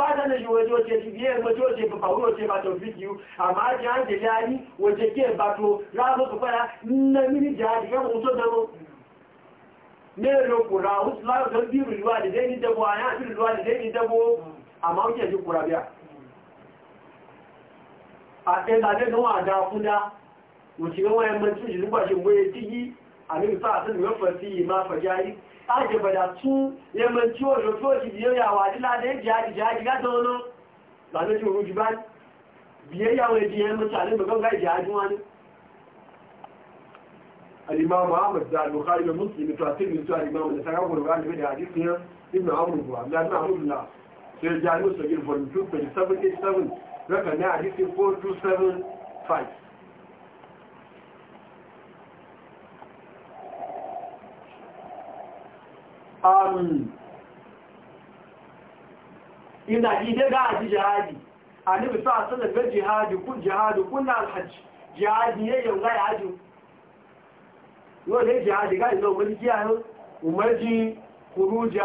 fata na shi waje wace shi biyar waje wace ba faru wace ba ta bidiyo amma jihar da jari wace ke ba to za su su fara na mini jihar da mu so daro ne ro kura wasu la don bi ruwa da dai ni dabo a ya bi ruwa da dai ni dabo amma wuce shi kura biya a ɗaya da dai don a da kuda wuce ga wayan mutum shi zuba shi goye tigi a min sa sun rufa fi ma fajari ajẹ̀bẹ̀dà tún yẹmẹ tí ó yóò tó ìdí yóò yàwó àdíládé ìjìyàjìyà ìgbádọ́ ọ̀nà lànàjú orú jù bá bíyẹ yàwó ẹ̀dì yẹmẹ tààlé mẹ́gọ́gá ìjìyàjú wọn الإمام أحمد ذا البخاري ومسلم يتواتر من سؤال الإمام النسائي أبو الغالي بن حديث ابن عمرو بن عبد الله بن عمرو بن سيرجع نصر 42 27 رقم حديث 4275 ina ide ga aji jihadi a nufi sa sana ga jihadi kun jihadi na alhaji jihadi ya yau ga yaji yau ne jihadi ga ina wani kiyayen umarji kuruja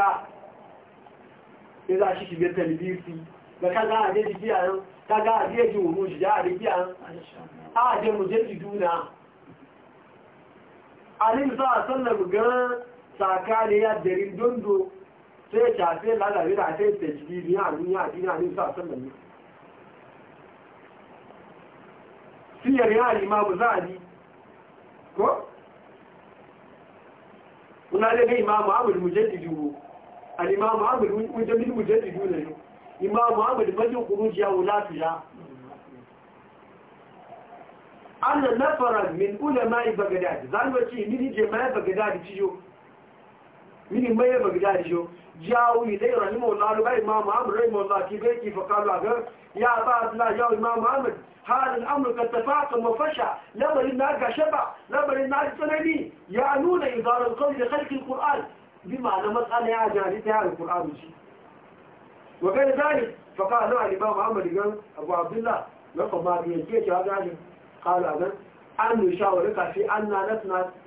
ya za shi shigar talibisi ga ka ga aje kiyayen ka ga aje ji uruji jihadi kiyayen a aje mu je ji duna a nufi sa sana ga tsakani ya darin dondo sai shafe lalari da sai ta jiri ni a duniya a duniya ne sa san ne siyar ya limamu za a yi ko kuna da ga imamu amur mujaddidi ko al-imamu amur mujaddidi mujaddidi ne imamu amur majin kuruji wula fiya. an na nafara min ulama bagdad zan ba ce ni je mai bagdad ciyo mini maye bagdadi jo jawo ilai rahimahullah ba imam amr rahimahullah ki bai ki faqalu aga ya ba abdullah ya imam amr hal al-amr qad tafaqam wa fasha lamar na ga shaba lamar na tsanani ya nuna idar al-qawl li khalq al-quran bima na matsala ya jari ta al-quran shi wa kai zalik faqala al-imam amr gan abu abdullah lafa ma bi yake ya ga qala gan أن يشاورك في أن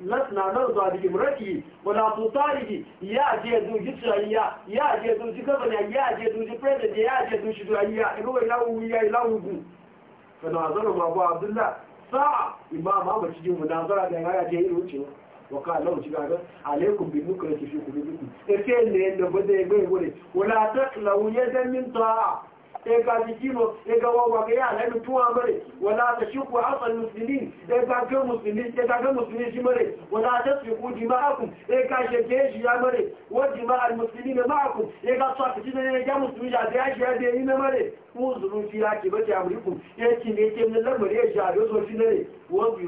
لسنا نرضى بإمرته ولا تطارده يا جيدو جسرية يا جيدو جكفنة يا جيدو جبريدة يا جيدو شدوية إنه إلهو ويا إلهو بو فنعذرهم أبو عبد الله ساعة إمام أبو تجيب مناظرة يا جيدو وشيو وقال لهم شكاكا عليكم بالنكرة في قلوبكم إفين لأنه بدأ يقول ولا تقلوا يدا من طاعة ẹgbà jikino ẹgbà wọwà gẹ́ àlẹ́nu tún wọn mẹ́rẹ̀ wọ́n láti ṣíkú àwọn musulmi ga gẹ́ musulmi ẹgbà gẹ́ musulmi sí mẹ́rẹ̀ wọ́n láti ṣíkú di máa kùn ẹgbà ṣẹ̀kẹ́ èṣì ya a wọ́n di máa musulmi ní máa kùn ẹgbà sọ àpìtì ní ẹgbà musulmi yàtí àṣẹ ẹgbẹ́ yìí mẹ́rẹ̀ fún òṣèlú fi láti bẹ́ẹ̀ àmì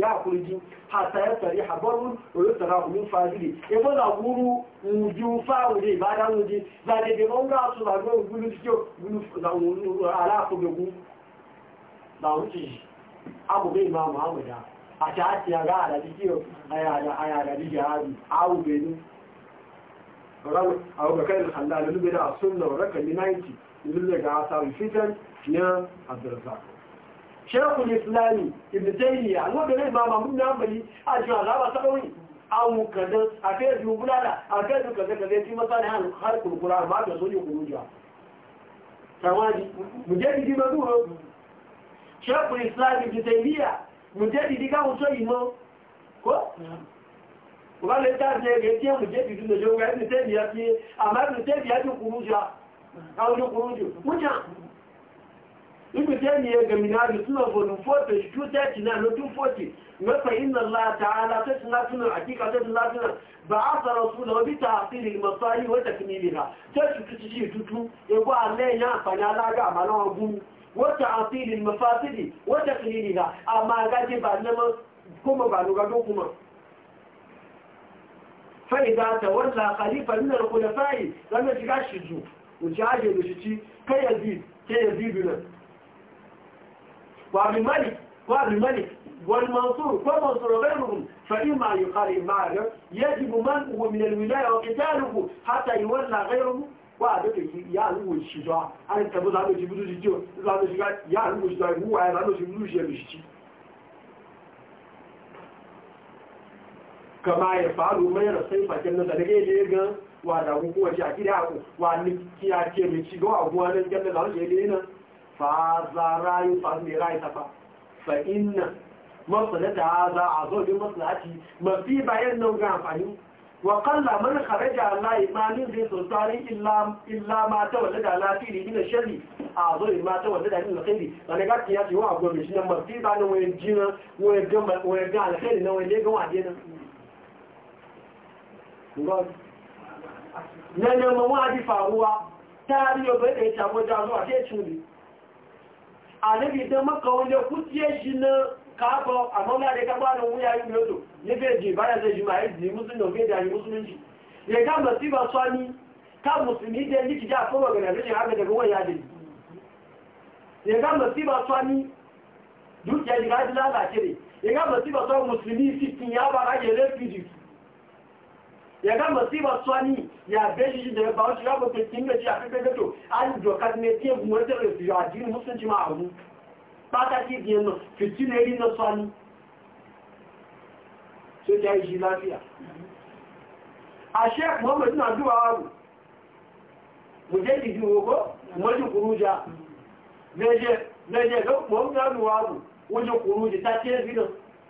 ya kurji hata ya tari habarun wa ya tara min fadili e bo na guru uju fa uje ba da uje za de de onga su da go gulu sikyo gulu da unu ala ko be gu da uji abu be ma muhammada a ta ti ga ala dikyo aya da aya da dijari awu be ni rawu awu ga kai halal lu be sunna wa rakami 90 zulga asar fitan ya abdurrazzaq shekul islami ibn taymiya ngo da rai mama mun nan bali a ji azaba ta kawai awu kada a kai ju bulala a kai ju kaza kaza ti masa ne han har kurkura ma da soje kuruja tawadi mujaddidi ma duho shekul islami ibn taymiya mujaddidi ka wuce imo ko ba le ta ne ga ti mujaddidi da jo ga ibn taymiya ti amma ibn taymiya ju kuruja awu ju kuruju mujan ibi tẹ́ ni ẹgbẹ̀ mìíràn sínú ọgbọ̀nù fóòtò ṣíkú tẹ́ẹ̀tì náà lójú fóòtì mẹ́fà iná látàálá tẹ́sìn látínà àkíkà tẹ́sìn látínà bá a sọ̀rọ̀ fún lọ bí tààfíìlì ìmọ̀sọ́ ayé wọ́n tẹ̀kì ní ìlera tẹ́sì tuntun sí ìtútù egbó alẹ́ ìyá àǹfààní alága àmàlà ọgbùn wọ́n tààfíìlì ìmọ̀fáàfíìlì wọ́n tẹ̀kì ní ìlera àmà agájé bà nẹ́mọ́ kómọ bàlúgadókùnmọ̀ فإذا تولى خليفة من الخلفاء لم يتكاشف وجاء يدشتي وعبد الملك وعبد الملك والمنصور ومنصور غيرهم فإما يقال معنا يجب منعه من الولاية وقتاله حتى يولى غيرهم، وعدك يعلو الشجاع أنا تبوز عنه جبدو جيو لأنه شجاع يعلو الشجاع هو عنه جبدو جيو kama كما يفعل mai rasai fakin nan da daga هو ga wa da hukuwa shi a gida wa ni kiyace mai فهذا يفعل برأي تفا فإن مصلحة هذا عظوم مصلحتي ما في بعين نوع فهم وقل من خرج على إيمان ذي سلطان إلا إلا ما تولد على فيه من الشر أعظم ما تولد على الخير أنا قلت يا أخي وأقول مش ما في بعنا وين جينا وين جم وين جا على خير نوين ليه جوا علينا نقول نعم ما واجب أبو جاسو أشيء شو àníbi ìdán mọ́kàn oúnjẹ kú tí é ṣíná káàbọ̀ àmọ́láde kápáàrùn ún yà ìgbé odò níbẹ̀ẹ́jì ìbáyàṣẹ́ jùmọ̀ àìsí mùsùlùmí òfèdè àyè mùsùlùmí yẹ káàmọ̀ sí bá sọ́ ní káàmù sí ní jẹ́ níkìjá àkọ́wọ̀ gẹ̀rẹ̀ ya ga masiba tsani ya beji shi da ya bawo shiga bakin kinga ji a kai gato an doka ne ke mutar da su a jini musulunci ma abu ba ta ci biyan nan fiti ne yi na tsani sai ta yi shi lafiya a shek muhammadu na duba waru mu je jiki woko wajen kuruja na je ga muhammadu na duba waru wajen kuruja ta ce zinan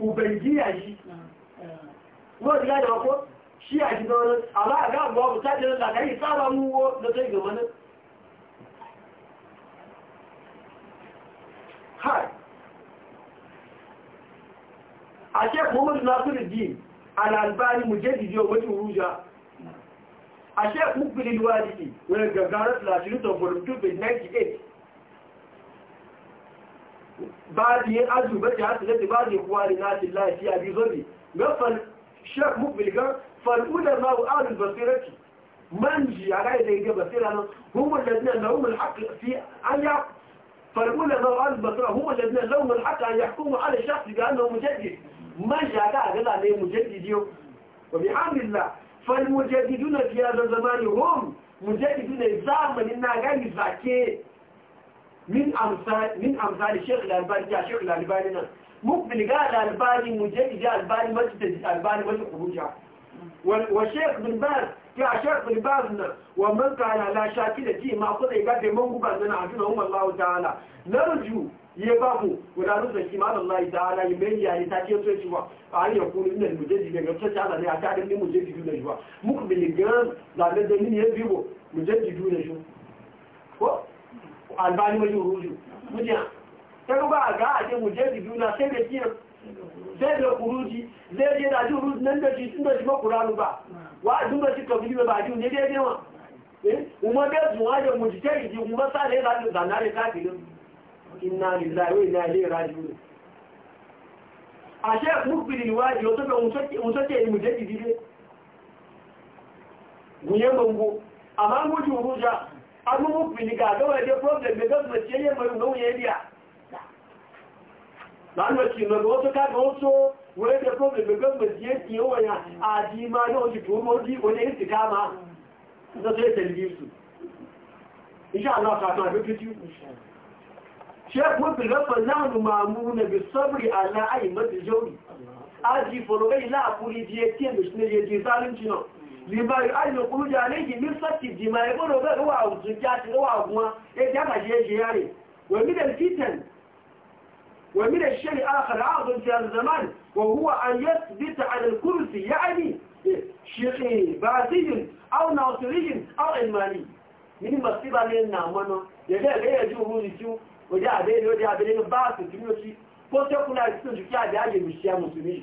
ubangiya yìí wọ́n ti láti ọkọ́ ṣí àjìnà aláàgá àgbà ọmọ tàbí làkàrí sára mú wó lọ́tọ́ ìgbẹ̀mọ́ náà hàn àṣẹ́ mohamed nasiru dín alàlbáni mujẹ́dìdì ọgbọ́n ti rújá àṣẹ́ mú pìlì lúwádìí wọ́n gàgàrà 38 بعدي أجو بدي بجي هاتي بعد إخوانات الله في أبي ظبي مو بالك فالأولى ما هو أهل البصيرة من جي على يدي بصيرة هم الذين لهم الحق في أن هو أهل البصيرة هم الذين لهم الحق أن يحكموا على شخص لأنه مجدد منجي جي على هذا عليه مجدد يوم وبحمد الله فالمجددون في هذا الزمان هم مجددون الزمن إنها غير زكيه min amsali shek lalbani ya shek lalbani nan mukbil ga lalbani mujahid ya albani masjid albani mace kuruja wa shek bin baz ya shek bin baz na wa man kana la shaki da ji ma kuma ga da mangu ban nan ajuna umma Allah ta'ala narju ye babu guda rusa shi ma Allah ta'ala yi mai yayi ta ce so shi ba a ya kunu inda mujahid ga ta ta ne a ta da ni ji da shi ba mukbil ga da da ni ne bibo mujahid da shi ko albani wajen ruju mujiya sai ruba a ga a ce mujaddi juna sai da kiyan sai da kuruji zai je da jin ruju nan da shi tun da shi makuranu ba wa tun da shi kabili ba jin ne dai yawa eh? umar da zuwa da mujtahidi kuma sa ne da zanna da kafirin inna lillahi wa inna ilaihi raji'un a shek mukbili waji wato da musake mujtahidi ne mu yamma abubu filiga ga waje problem da gasu mace yi mai nuna ya biya ba na ci na ga wasu kaga wasu wani da problem da gasu mace ya fiye ma na wajen tuwo wani wani yin tika ma na sai talibin su insha Allah ta ta rufe ci shekhu bin lìbá ayòkúrú jẹ́ àléjì ní sọ́tì ìdìmà ẹgbọ́n ọgbẹ́ ló wà òtún já ti ló wà wọn èdè àkàṣe ṣe yá rẹ̀ wẹ̀mídẹ̀ títẹ̀n wẹ̀mídẹ̀ ṣe ní àkàrà ààrùn ti àzàmán wọ̀húwà ayé bíta àdàkúrù sí yá ní ṣe brazilian au nautilisian au elmani ní masíba ní nà mọ́nà yẹ̀dẹ̀ ẹ̀lẹ́yẹ̀ ju òun ní ju òjá àbẹ́lẹ́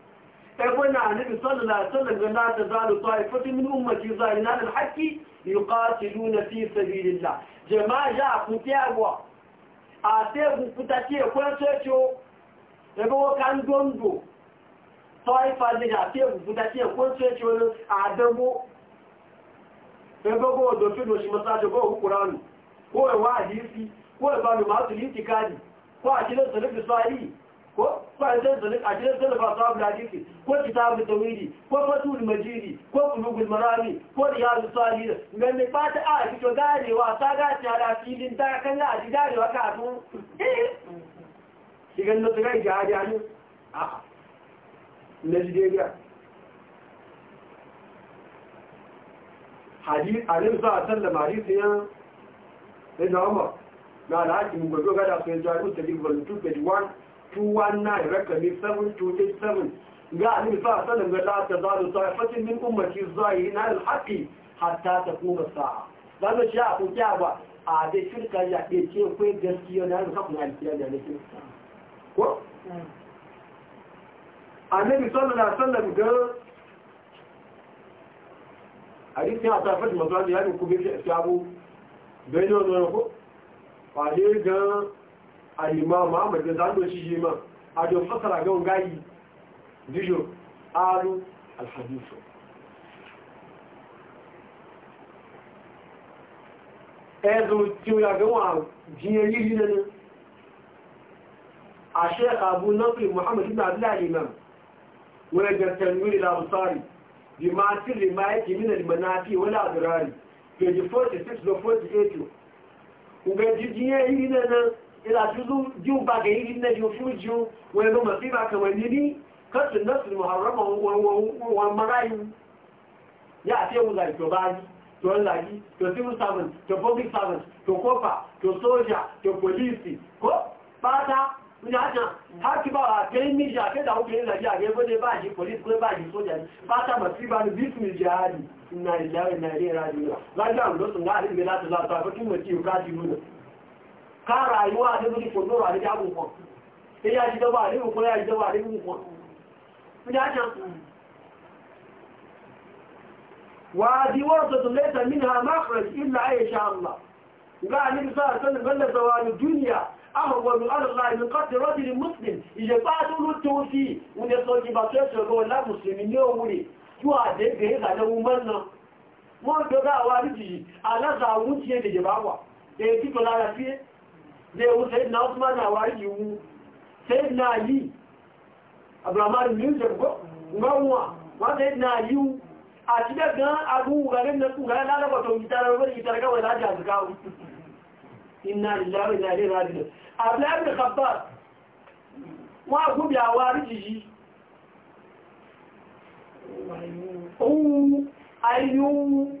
ابن النبي صلى الله عليه وسلم لا تزال طائفة من أمتي ظاهرين على الحق يقاتلون في سبيل الله جماعة كنتي أقوى أتيه كتاتي أقوى سيشو يبقى كان جندو طائفة لنا أتيه كتاتي أقوى سيشو أدبو يبقى هو دوشو دوشي مساجه هو قرآن هو واحد يسي هو بانو ماتو الانتكالي هو أجلس رفي صحيح ko fa'idar da ajiyar talafa sabu da hadisi ko kitabul tawhidi ko fatul majidi ko qulubul marami ko riyadus salihin nan ne ba ta a fito garewa ta gaci ala filin ta kan ya ji garewa ka tun digan eh! da ga ga ga ne a najide ga hadisi alim sa sallama hadisi ya sai da Umar na alhaji mun gogo ga da sai jami'u tajibul 2 page 1 219 rakami 7287 ga alin sa sanin ga la ta zalu ta'ifatin min ummati yi na alhaqi hatta ta kuma sa'a ba za shi a kuka ba a da shirka ya ke ce gaskiya na yanzu kafin alkiya da nake ko ga ta yadda kuma shi abu bai ne wani ko ba ne ga al'imamu ahmad da zanen shi yi man a don fasara ga gayi dijo alu alhadisu ẹzù e tí ó yàgbé wọn jíyẹ yìí nínú a sheikh abu nafi muhammad ibn abdullahi imam wọ́n ẹgbẹ̀ tẹ̀lúrí làbùsárì bí máa tí rí máa ẹkì mínà ìmọ̀náfí 46-48 ọgbẹ̀ jíyẹ yìí nínú ila tulu ju ba ga yi na ju fu ju wa no ma ba ka wani ni kasu nasu muharrama wa wa marayu ya ate mu la to baji to lagi to civil servant to public servant to kofa to soja to police ko pata ní àjá àkíbára àgbẹ́ méjì àkẹ́dà obìnrin lẹ́jì àgbẹ́gbẹ́dẹ́ báyìí polisi pé báyìí sójà ní pátámà sí bá ní bísù ìjẹ́ àárí ìnà ìlẹ́rìn nàìjíríà lágbàrún lọ́sùn láàrin ìgbẹ́ láti látọ̀ àbẹ́kí mọ̀ tí ó káàkiri náà ká rayuwa da muke kodoro a da abubuwan sai ya ji daba a rikin ko ya ji daba a rikin kwan ya can wa diwar da tulaita min ha makaraj illa a yasha Allah ga annabi sa sallan galla zawali duniya ahwalu ala Allah min qatl rajul muslim ije fatu lutufi wanda so ji ba sai so wala muslimi ne wuri da ya wuce na usman na wari yiwu sai na yi abdulhamari music gbanwa wanda yi na yiwu a ci da gan agun garin na tsugayen lalaba to gitar rubar gitar kawai laji a zuka inna lillahi na ilai rajin abdullahi da kabbar wọn gúbi àwọn aríjìyí ohun ayúwú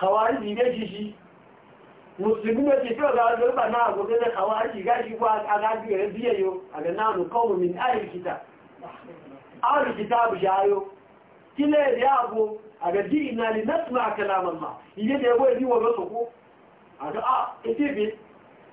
kawariji ne shi shi musulmi ne ke kira da wajen ba na agogo da kawariji ga shi kuwa a gaji ga rabiya yau a ga na rukawo min arikita arikita bu shi ayo kila ya biya a ga ji ina ne na suna aka laman ma ide da ya goya biyu wajen soko a ga a ah, ite bi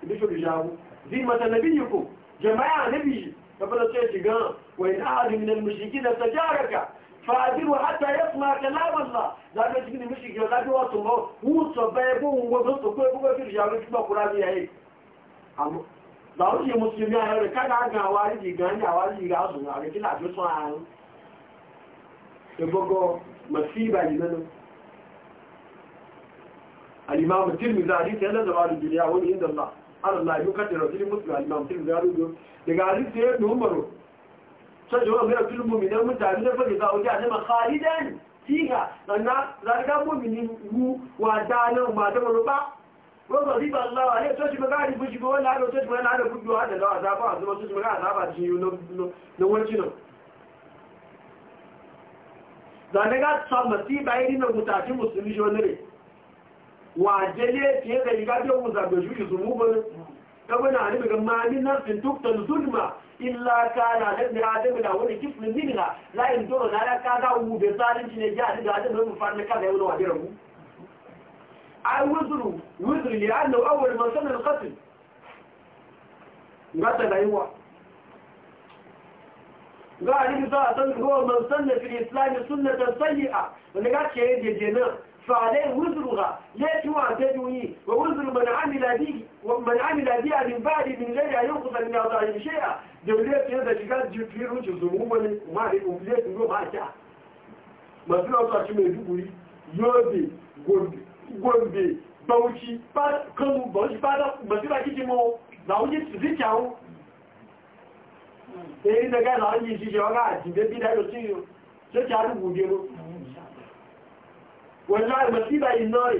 ibi shi bishi abu zi mata na biyu ko jama'a na biyu ta fara sai shiga wa ina azumi na mushiki na sajararka fàájírò àtà ẹ̀fún akẹláwọ̀lá lábẹ́ tí ní méjì yọ lábẹ́ ọ̀tọ̀ lọ wọ́n sọ bẹ́ ẹgbẹ́ ohun gbogbo tó pé gbogbo fèrè ìyàwó tí gbọ́kúrá ní ẹ̀yẹ láwọ́sí mùsùlùmí ààrẹ rẹ̀ kága gan àwárí ìgbàn ní àwárí ìgbà ọ̀sùn ààrẹ tí làjọ́ sọ ààrùn ìgbogbo mọ̀síbà yìí lẹ́nu alìmáàmù tí mi záà rí tẹ́lẹ̀ lọ́wọ́ alùjìlẹ̀ àwọn ìdọ̀lá alùlá ìlú kàtẹ̀rọ̀ sí mùsùlùmí alìmáàmù tí mi záà rí daga hadisi ya ibn umaru sajewa mai rafin mummunan mutane na fage zawo ya zama khalidan fiha sannan zarga mummuni ru wa danar ma da maruba wanda riba Allah wa ne to shi maga da fushi wanda aka to shi maga da fushi wa da lawa zafa a zuwa shi maga da ba shi no no wanci no zanen ga tsamma ti bayi na mutaci musulmi shi wani ne wa jele fiye da riga biyo mu zabe saboda a nufi ga malin nafsin tuktan zulma illa kana da ne adam da wani kifin minna la in doro na ya kaga wu da zalunci ne ya da adam mun farna kaza da wani rabu ai wuzuru wuzuru li anna awwal man sanna al-qatl ngata da yiwa ga ali bi za san ko man sanna fil islam sunnatan sayyi'a wanda ga ce je je nan فعليه وزرها لا تعتدني ووزر من عمل به ومن عمل بها من بعد من غير أن ينقص من أعضائه شيئا دولات هذا الشكال جفير وجه ظلوما وما لكمبليت وما معك ما في أصلا شما يدوبري يوبي gombe bauchi kanu bauchi fada masira kiki mo láwọn yìí sí kíàwó èyí nẹ́gẹ́ láwọn yìí ṣíṣe ọgá àti bébí lẹ́lọ sí والله ما في بقى النار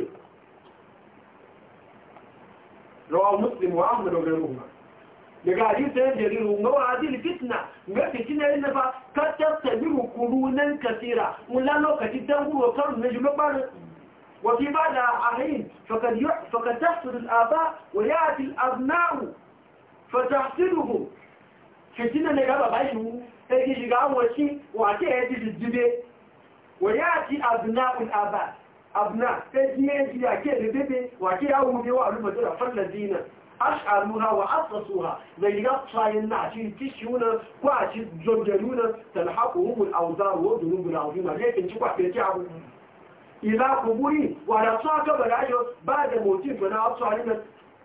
رواه مسلم وعمر وغيرهما لقاعدين سيد جليل هم هو هذه الفتنة ما فتنة إلا فا قد تبتبه قرونا كثيرة ولا لو قد تنبه وقرن نجم بار وفي بعض عهين فقد, يح... فقد تحصل الآباء ويأتي الأبناء فتحصلهم فتنة لقابة بايشه هذه الجيجة أول شيء وعطيها هذه الجبه وياتي ابناء الاباء ابناء يا اكيد بيبي وكي او دي وعلومه دول فالذين أشعرها وأسسوها زي قطع النعش التشيونا وعش الجنجلونا تلحقهم الأوزار وذنوب العظيمة لكن شو أحكي تعبوا إذا قبولي وعلى صاك بلعجو بعد موتين فنا أطلع لنا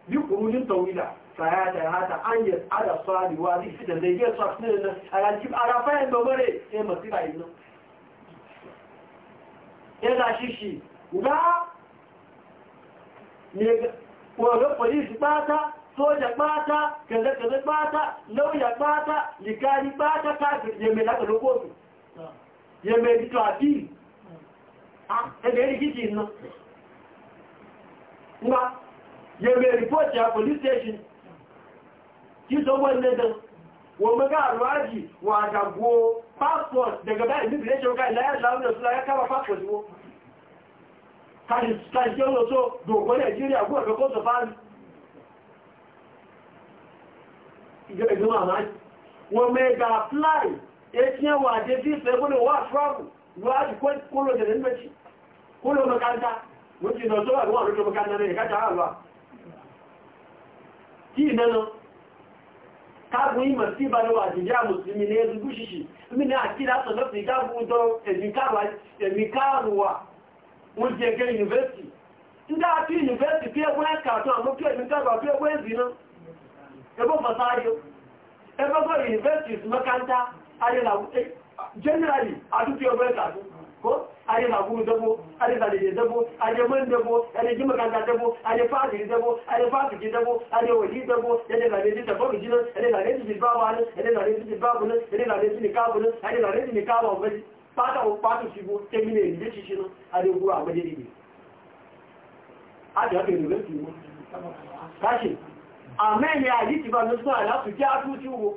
بقرون طويلة فهذا هذا أن على الصالح وهذه فتا زي جاء صاحبنا أنا أجيب أرافين بمري إيه مصير عيدنا ẹ̀dà ṣíṣì gbá wọ̀lọ́ pọ̀lísì pátá sójà pátá kẹ̀lẹ́kẹ̀lẹ́ pátá lọ́wọ́yà pátá lìkárí pátá káàkiri yẹmẹ̀ látọ̀lọ́kọ́ọ̀tù yẹmẹ̀ ìdíjọ àbí ah, ẹgbẹ̀rí kìkì iná yẹmẹ̀ rìpọ́ọ̀tì à police station kí sọ wọ́n lẹ́dàn wa maga arwaji wa dago passport daga bayan immigration kai la ya zaru da suna ya kama passport wo kashi kashi yau so dogo Nigeria go ga kotu fari iga iga ma mai wa mega fly e tiyan wa de bi se ko le wa travel wa ji ko ko lo de nbaci ko lo makanta wo ti no so wa lo to makanta ne ka ta alwa ti nana káàbù ìmọ̀ sí ìbániwà àjíjá mùsùlùmí ní ẹzùgbú ṣíṣì mí ní àti látọ̀ lọ́pẹ̀ ìjábù ọdọ́ ẹ̀mí káàrùwà wọ́n jẹ́ gẹ́ yunifásitì nígbà tí yunifásitì pí ẹgbẹ́ kàtọ́ àmú pí ẹ̀mí káàrùwà pí ẹgbẹ́ ìzìnà ẹgbẹ́ fasáyọ ẹgbẹ́gbẹ́ na atụ. ko aje lagu dabo aje zalije dabo aje man dabo aje jima kanta dabo aje fadi dabo aje fadi ki dabo aje wali dabo aje zalije dabo ki jina aje zalije ki babu ana aje zalije ki babu na aje zalije ki kabu na aje zalije ki kabu ba fata o fata shi bo ni ci shi aje guru a ni aje ake ni le kashi amen ya yi ti ba no so ala tu ja tu ti wo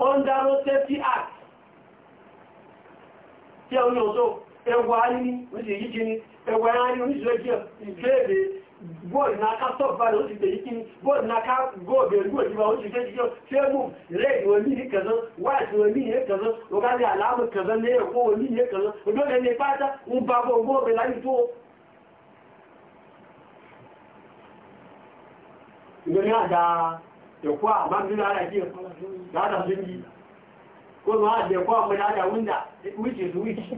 under safety act tí ẹ̀wọ̀n yóò tó ẹwà ní yìí ni ẹwà ní oríṣẹ́ yìí ìgbéèrè bọ́ọ̀dì náà ká stop value ó ti gbèyí kí bọ́ọ̀dì náà ká góòbè ìlú òjìbá ó ti gbé jíjọ fẹ́mù rẹ́ẹ̀dì omi ní kẹsàn wáìtì omi ní ní ẹ̀kọ́ omi ní ní pátá ń bá ẹ̀kọ́ àbájúlá ara kí a sí yìí kó lọ àjẹ́ ẹ̀kọ́ àmọ́dáadà wíńdà which is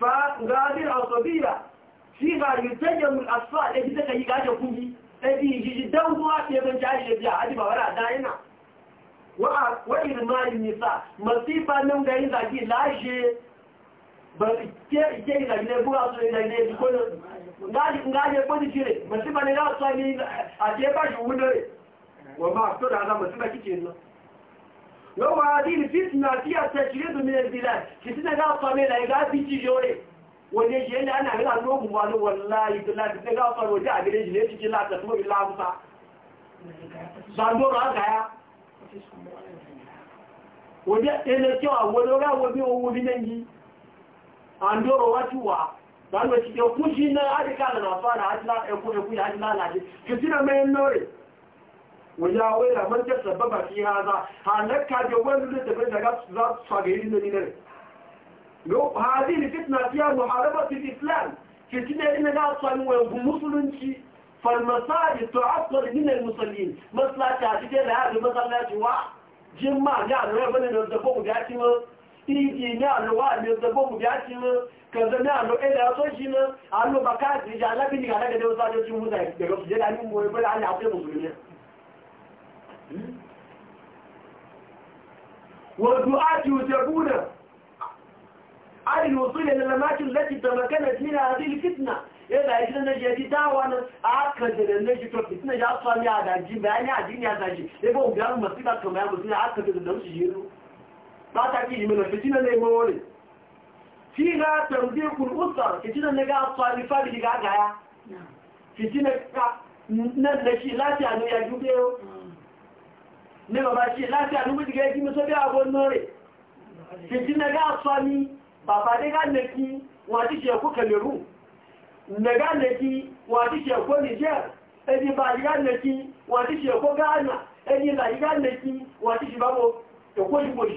fa gadir asabira shi ga yutajamu al-asfa da kika yi gaje kungi sai yi dan kuma ke ban jari da biya hadi ba wala da yana wa wa irmal nisa masiba nan ga zaki lashe ke ilagne buwa su ilagne jikonan ngaje kwani shire masu ba ne za su sami a ce ba shi wudare wa ma su da za masu ba kice nan yau ma adini fitna fiya ta shirye su mine zila kitina za su sami da ya gafi ci jore wajen shi yadda ana hira nogun wani wallahi bila kitina za su sami wajen a gare shi ne cikin lata kuma bila musa zandoro aka ya wajen ɗaya na kyau a wani rawa biyu wani nan yi andoro wajuwa zanu ci yo kushi na adika da nafa na ajla e ku e ku ya ajla la ji kisina mai nore waya waya man ta sababa fi haza halaka da wani da tafi daga za su ga yin ne ne lo hadi ni fitna fiya muharaba fi islam kisina ina ga su wa musulunci فالمساجد تعطل من المصلين مصلحة تجد هذه مصلحة جوا جمع جاء نوع بني نزدفوه جاتي iji ní àlò wà ní ọdọ́gbọ́gbù bí a ti rán kẹ̀ẹ̀dọ́ ní àlò ẹ̀lẹ̀ ọ̀tọ́ jí ná àlò bàkáàtì ìjà alábìnrin alágẹ̀dẹ̀ ọ̀sájọ́ tí wọ́n tàbí bẹ̀rọ sí jẹ́lá nínú ẹgbẹ́ alẹ́ àti mùsùlùmí wọ̀dù ájì òjẹ̀búnà الوصول ba ta ki limin fitina ne mo wani fitina tambikul usar fitina ne ga tsari fari ga gaya fitina ka nan da shi lafiya ne ya jube yo ne ba shi lafiya ne mu diga yi mu so bi abon nore fitina ga tsani baba de ga ne ki wa ti se ko Cameroon ne ga ne ki wa ti se ko Niger ẹni bá yíká nẹ́kí wọ́n ti ṣe ẹ̀kọ́ gáànà ẹni ìlà yíká nẹ́kí wọ́n ti ṣe bábọ̀ ẹ̀kọ́ ìgbòjì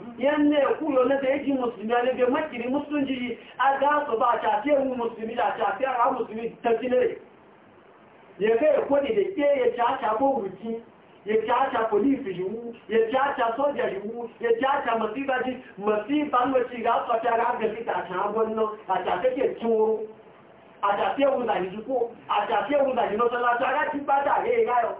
yanne kuyo na zai ji musulmi ne bai makiri musulunci ji a ga su ba a tafiye mu musulmi da tafiye a musulmi ta ne ya ga ya kwade da ke ya caca ko wuci ya caca polisi yiwu ya caca soja yiwu ya caca masifa ji masifa nwaci ga su ta ga gasi ta can gwannan a tafiye a tafiye wuzani jiko a tafiye wuzani masalata ga ci ba ta ga ya gayo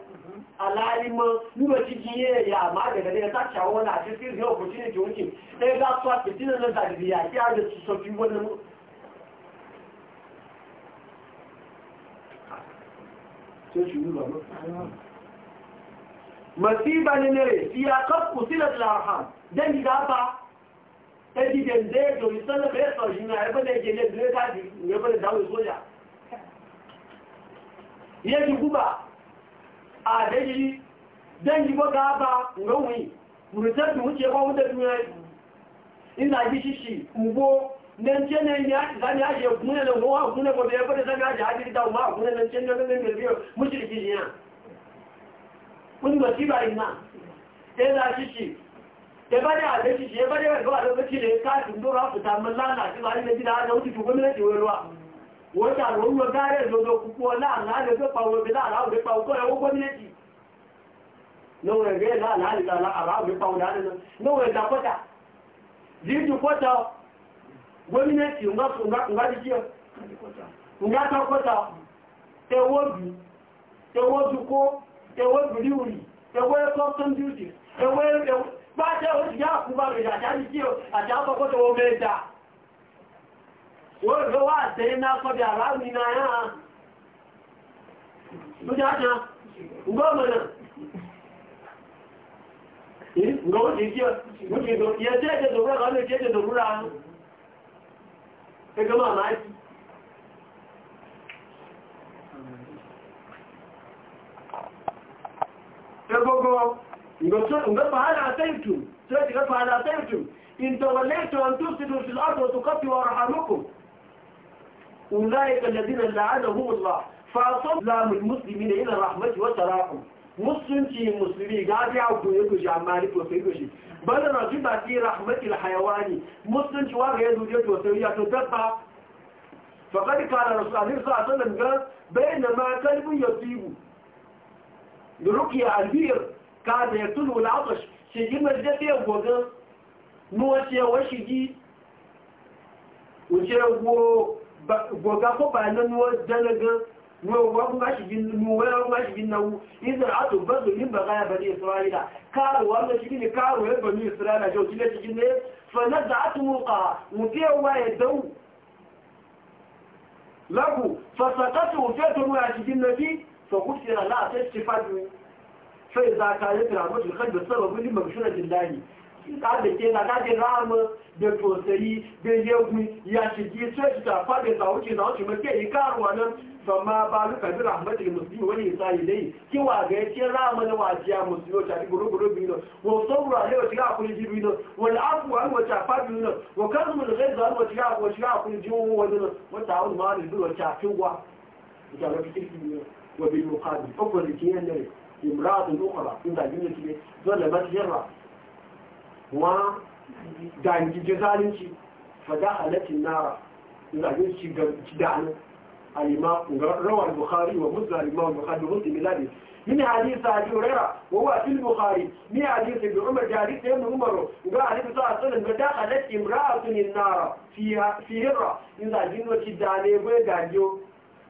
来嘛，你们今天也买这个？咱下午拿去给老婆的交钱。那个说自己能咋的呀？第二个说举报能？这举报能？哎呀，没事吧？你那个，你还搞不是了？然后，然后你咋办？那你现在就你身上没手机，你也不能借借别人家的？你不能找人说下。你还不吧。a daji dangi ba ga ba ngawai murutar da wuce ba wuta duniya ina ji shishi ugo nan ce ne ya za ni aje kuna nan wa kuna ba ya fada saka aje hadiri da ma ne nan ne biyo mushriki ne ya kun ba ci ba ina sai da shishi ya ba da da shishi ya ba da ba lokaci da ka tundura fita mun lana shi ba ni da gida da wọ́n tà ló ń lọ lọ́dọ̀ púpọ̀ láàrín àlẹ́gbẹ́ pàwọn obì láàrín àwọn òbípa ọkọ̀ ẹ̀wọ́ gómìnàtì lọ́wọ́ ẹ̀rẹ́ láàrín àwọn òbípa ọ̀dà nínú lọ́wọ́ ẹ̀dà pọ́tà dídù pọ́tà gómìnàtì ńgbàdìjọ́ ńgbàtọ̀ pọ́tà ewu, bì ẹwọ́ dukó wọ́n wá àtẹ́yẹ́ náà kọ́bí àrá náà yáà ló jẹ́ àjá gọ́ọ̀mọ̀nà ìgbọ́n ti kí ọ tí ó ti gẹ́fà hálà àtẹ́yìtù ìntọ̀wọ̀lẹ́tọ̀ tó ti dùn ọ̀rọ̀ àmúkùn أولئك الذين لعنهم الله فأصلام المسلمين إلى الرحمة وتراحم مسلم شيء مسلمي قاعد يعبد يكوش عمالي كوسيكوشي بل نصيب في رحمة الحيواني مسلم شواء غير دوليات وسوية تدفع فقد قال رسول الله صلى الله عليه وسلم قال بينما كلب يطيب لرقية البير كان يقتل العطش سيجي مجدتي أبو قال نوشي وشي جي وشي أبو boga ko ba nan wa dalaga wa wa kuma shi gin mu wa kuma shi gin nawu idan atu bazu min bagaya bani isra'ila karu wa da shi ne karu ya bani isra'ila jo kile shi gin ne fa nadatu muqa mutiwa ya dau lahu fa saqatu fatu wa shi gin nabi fa kufira la tastifadu fa idza kanat rabbuka qad sababu li magshurati llahi ka da ke na kaje rama da tosayi da yegwi ya shigi sai shi ta fada ta wuce na wuce mace yi karuwa nan sama ba luka bi rahmatul muslimin wani isa dai ki wa ga yace rama na wajiya musulmi ta bi guru guru bi no wa sabra ne wa tiga kulli jibi no wal afu an wa ta fadu no wa kazmul ghaiz an wa tiga wa tiga kulli jibi wa no wa ta'awun wa dangijin zalunci fada halatin nara zagin shi ga dano alima rawar bukhari wa muslim wa bukhari muslim ladi من حديث أبي هريرة وهو في البخاري من حديث ابن عمر جاريس ابن عمر وقال عليه الصلاة والسلام دخلت امرأة النار فيها في هرة إذا جنوة الداني ويقال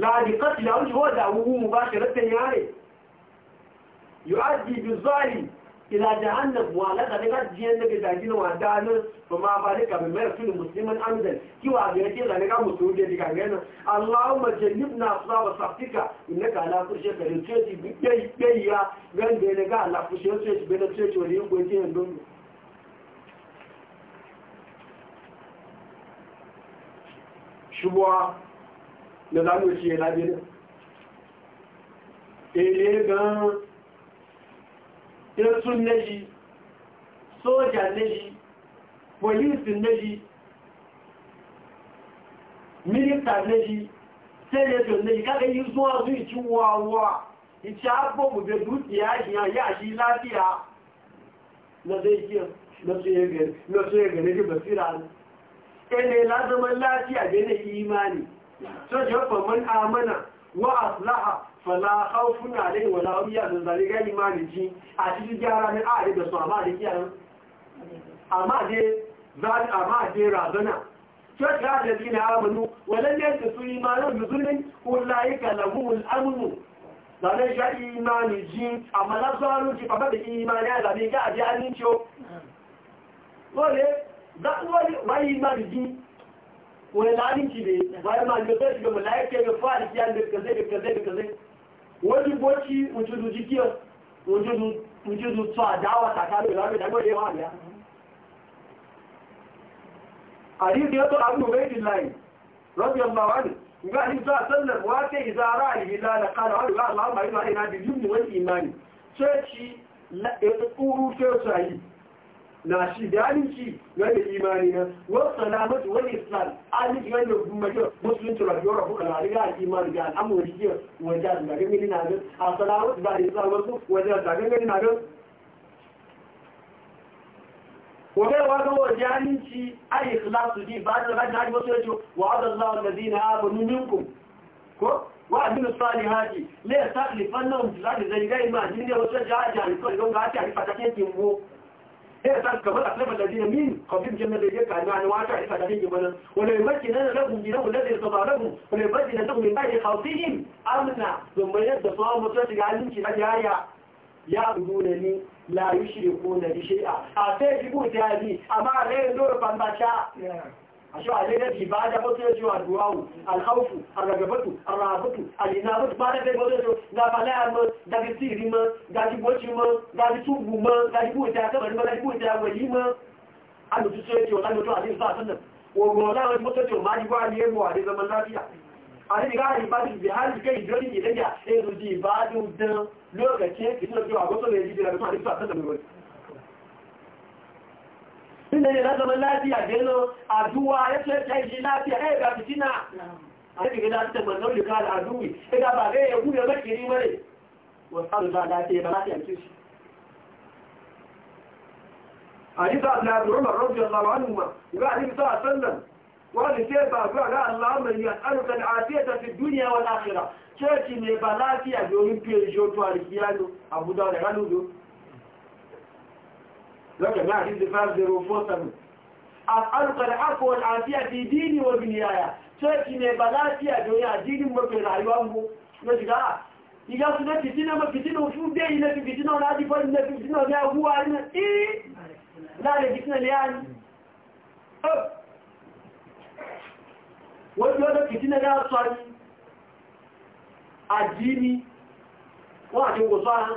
láàrín kọ́tí láwọn ìwọ́ ìdàwúwú mú bá ṣe rẹ́tẹ̀ yá rẹ̀ yóò á di ibi zọ́ọ̀lì ìlàjà hannun wà látàrí láti jíyàn daga dajina wà dáná ba ma ba da kafin mayar filin musulman amzan kiwa ga yake zane ga musu da daga gana allahumma jannib na su ba saftika inna ka ala kushe ga ala kushe coci bai da coci lọ́lá ló ṣe lábẹ́ náà èlé gan-an ẹ̀sùn méjì sójà méjì pòlíìsì méjì mínísà méjì sẹ́lẹ̀tọ̀ méjì káàkiri yìí sún ọdún ìtúwọ̀ àwọ̀ ìtí àpòmùgbè dúkìá ìyàn yà sí lábíà lọ́dẹ́ ìjẹ́ lọ́sọ́ ẹgbẹ̀rẹ̀ ní kí bẹ̀ síra ẹni lásánmọ́ láti àgbẹ̀ ní ìmáni so jafa man amana wa aslaha fala khawfun alayhi wa la hum yahzanun zalika jí àmà lásánú ti pàpàdé imani àzàbí gáàjẹ́ àníṣò wani lalinci ne bayan ma ga zai shiga malaika ga fara kiyan da kaze da kaze da kaze wani boci wujudu jikiyar wujudu wujudu tsawa dawa tsakanin da zai dago da yawa ya hadisi ya to abu ubaidillahi radiyallahu anhu ga hadisi za sallar wa ta izara al-hilal qala wa Allah ma da jumla wal imani sai ci la kuru sai sai na shi da aminci game da imani na wasu salamatu wani islam aminci game da gumajo musulunci rafiyar rafu kan hariga a imani ga al'amu wani ke wajen da gani na gan a salamatu ba da islam wasu wajen da gangani na gan وكما هو جاننتي أي خلاص دي بعد لغاية هذه وصلت وعد الله الذين آمنوا منكم وعدوا الصالحات لا تخلفنهم في الأرض زي غير ما جنة وصلت جاء جانبكم لهم غاتي عن فتاكين تنبو هي قد كفر أخلاف الذين من قبل جنة بيجيك عن معنى وعشا عيسى لديه منا وليمكن أن لهم دينهم الذي ارتضى لهم وليمكن أن لهم من بعد خوفهم أمنا ثم يد صلاة مصرة قال لهم شبه آية يعبدونني لا يشركون بشيئا أعطيك بوتي هذه أما غير دور فانبشا أشوى عليه في بعد بطل يجوى الدعاء الخوف الرغبة الرهبة الإنابة ما نفع بطل يجوى دا بلا ما دا بسير ما دا جبوش ما دا بسوب ما دا جبوه تاكبر ما دا جبوه تاولي ما أنه تسوى يجوى أنه تسوى عليه الصلاة ومولا ما بطل يجوى ما جبوه عليه مو عليه زمن لا فيها àti ká ìbájú ìbí hàn يجري ìjọ́lì ìlẹ́jà èrò di ìbájú dán lóòkẹ̀kẹ́ ìtúnlọ́jọ́ àgbọ́sọ̀rọ̀ ìdíjẹ́ àgbẹ́sọ̀rọ̀ àti ìfàṣẹ́ ìrọ̀lẹ́ inda ne na zaman lafiya da yana aduwa ya fi ta yi lafiya ɗaya ga fitina a yadda gina ta manzan lika da aduwi ya ga ba zai ya guya makiri mare wasu ba lafiya ba lafiya ce shi حديث عبد الله عمر رضي الله عنهما وقال النبي صلى الله عليه وسلم وقال كيف قال اللهم يسألك العافية في الدنيا والآخرة شاكي نبالاتي أجورين بيجوتوا الكيانو أبو داود قالوا lọ́kẹ̀ náà ní 5047 alùkọ̀dà àpò àti àti dínì obìnrin yàyà tó ẹ̀kì ní ẹ̀bà láti àjòyìn àdínì mọ́kẹ̀ ràyọ́ mú lọ́jìká ìyá fún náà fìtínà mọ́ fìtínà fún dé ilẹ̀ fìtínà láti fọ́ ilẹ̀ fìtínà ní ẹgbúwa ní ì láàrẹ̀ fìtínà ní àní wọ́n tí ó lọ fìtínà ní àṣọ àdínì wọ́n àti òkòsọ́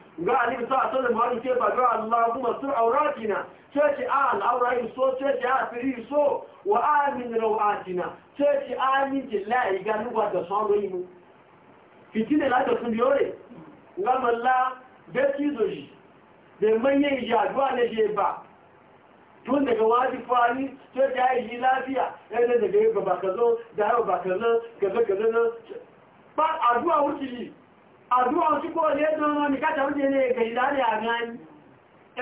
ga alim sa to da maru ce ba ga Allah kuma sur auratina ce ce a al'aurai so ce ce a firi so wa amin rawatina ce ce amin jillahi ga nuwa da sauran mu fitine la da sun yore ga malla da kizo shi da manyan jaduwa na je ba tun daga wani fari ce ce ya yi lafiya yadda daga yi ba ba ka zo da hau ba ka zo ka zo ka zo ba a zuwa wuce yi àdúrà tí kò lè dánwọ́ ní káta oúnjẹ ní ẹgbẹ̀ ìlànà àgbáyé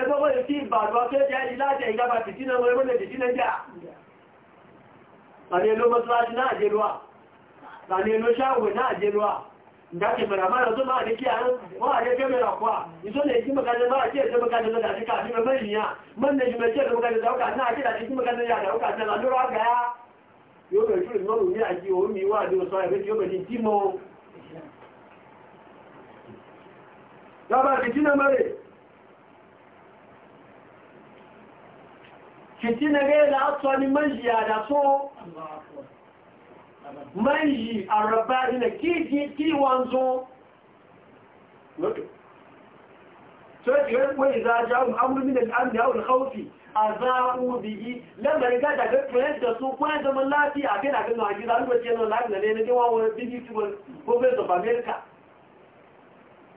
ẹgbọ́gbọ́ ìfí ìbàdọ̀ tó jẹ́ ìlàjẹ̀ ìjábà tìtí náà wọ́n lè tìtí náà jà àríẹ̀ ló mọ́sílájú náà jẹ́ lọ́wà àríẹ̀ ló ṣáwẹ̀ náà jẹ́ lọ́wà ìdájẹ̀ mẹ́ra mẹ́ra tó máa ní kí àrùn wọ́n àjẹ́jẹ́ mẹ́ra kọ́ à ìṣọ́lẹ̀ ìjímọ̀kájẹ́ máa jẹ́ ìjọmọ̀kájẹ́ lọ́dà sí káàkiri lábá ìjìnà mẹ́rẹ̀ kìtínà rẹ̀ látọ́ ni mẹ́yì àdàtọ́ mẹ́yì àrọ̀bá ilẹ̀ kí wọ́n zọ́ tó yẹ́ rẹ̀ pé ìzájá amúrúmínà àmì àwọn ìkọ́wọ́fì àzáwò bí i lẹ́mẹ̀rẹ̀ gádà rẹ̀ pẹ̀lẹ́ tó pẹ́ ẹ̀dọ́mọ́ láti àkẹ́lẹ̀ àkẹ́lẹ̀ àjíra lóòjẹ́ náà láti lẹ́lẹ́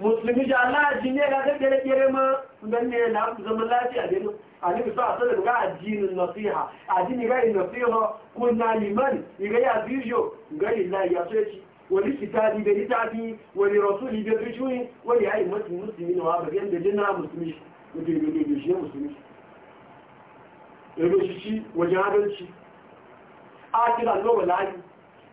musulmi da Allah addini ya ga gare gare ma dan ne na zaman lafiya da annabi sa sallallahu ga addinin nasiha addini ga nasiha kunna liman ga ya bijo ga lillahi ya sai wani kitabi da litafi wani rasuli da bishuyi wani ayi mutu musulmi ne wa bayan da jinna musulmi mutu da da shi musulmi da shi wajen adalci a kira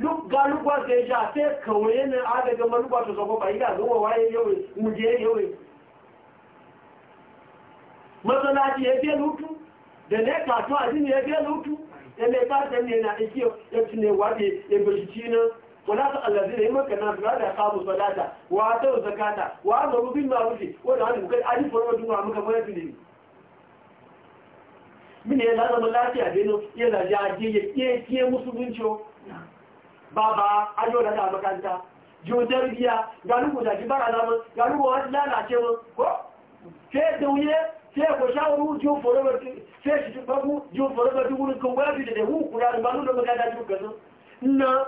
ga lugwa ta ya sai kawai ne a daga malugwa ta zama ba ina zuwa waye yawai muje yawai masalaci ya fiye lutu da ne kato a jini ya fiye lutu ya ne kasa ne na aiki ya tune wabe ya bashi cinan wala ta allazi da maka na zuwa da kamu salata wa ta zakata wa rubin ma rufe wanda wani ali muka mine ya lafiya ya zaje ya je musulunci baba ayo da ta makanta jodar biya ga lugu da jibara da mun ga lugu wani lalace mun ko sai da wuye sai ko shawaru jiyo forobar sai shi ji babu jiyo forobar duk wani kan gwabi da hu kura da balu da magana duk gazo na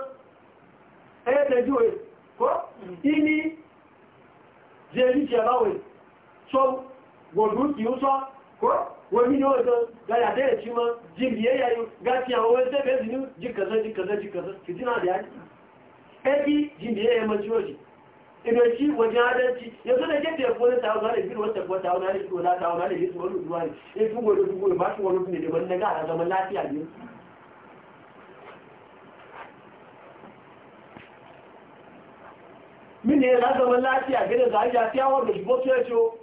eh da jiyo ko ini je ni je bawe so godu ki uso wani ne wajen ga ya daya ci ma jin biyayya yi ga ci awon wani zai bai zini jin kaza jin kaza jin kaza fitina da yaki ɗaki jin biyayya ma ciwo ji idan shi wajen adalci yanzu da gefe ko na tawo zane biyu wata ko ne ne a zaman lafiya ne min ne ya yi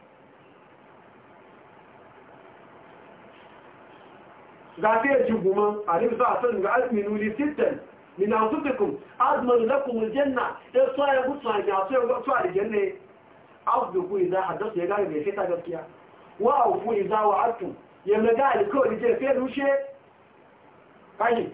ga ta ji guma a rimsa a san ga alminu li sittan min anfusikum azman lakum aljanna ya so ya gutsu a ga so ya gutsu a aljanna afduku idza hadathu ya ga mai fita gaskiya wa afu idza wa'atu ya maga alkawari je fe rushe kai